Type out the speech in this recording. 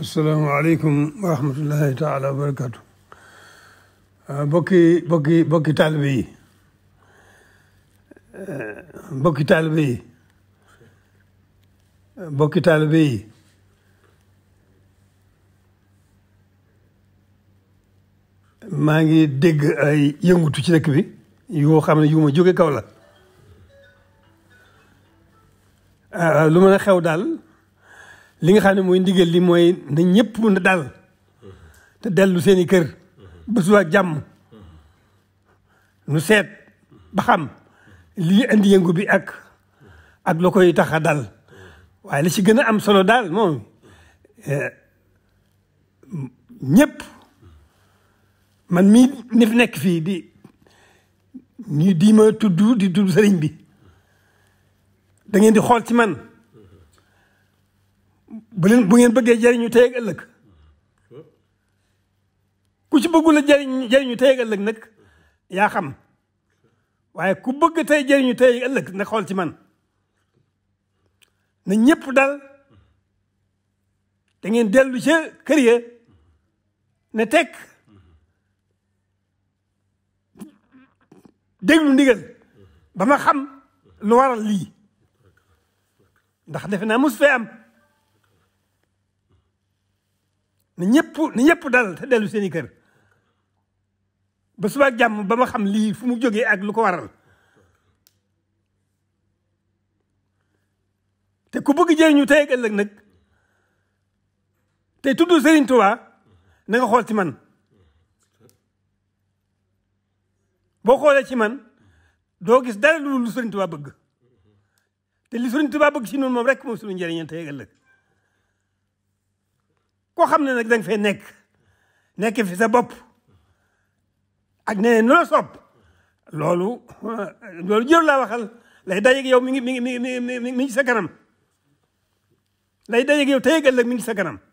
asalaamaaleykum wa rahmatullahi taala wa barakatu ah, bokki bokki bokki taalibe eh, bokki taalibe eh, maa ngi dégg ay yëngutu ci dëkk bi yoo xam ne yu ma jóge kaw la ah, lu mën a xew daal li nga xam ne mooy ndigal li mooy na ñëpp na dal te dellu seeni kër ba suba jàmm nu seet baxam xam lii indi yëngu bi ak ak la koy tax a dal waaye la ci gën a am solo daal moom eh, ñëpp man mii ni fi nekk fii di ñu di ma di tudd sëriñ bi da ngeen di xool ci man bu leen bu ngeen bëggee jariñu tey ak ëllëg ku ci bëggula jariñ jariñu tey ak ëllëg nag yaa xam waaye ku bëgg tey jariñu tey ak ëllëg na xool ci man na ñépp dal da ngeen dellu ca kër ya ne tekk déglu ndigal ba ma xam lu waral lii ndax defe naa mos fee am na ñëpp na ñëpp dal te dellu seen i kër ba suba jàmm ba ma xam lii fu mu jógee ak lu ko waral te ku bëgg jëriñu tey ak ëllëg nag te tudd Serigne Touba na xool ci man boo xoolee ci man doo gis dal lu Serigne Touba bëgg te li Serigne Touba bëgg ci noonu moom rek moom suñu njëriñal tey ak ëllëg koo xam ne nag danga fee nekk nekk fi sa bopp ak nee nu la loolu loolu jëru laa waxal lay dajeeg yow mi ngi mi ngi mi ngi mi ngi sa kanam lay dajeeg yow tey ëllëg mi ngi sa kanam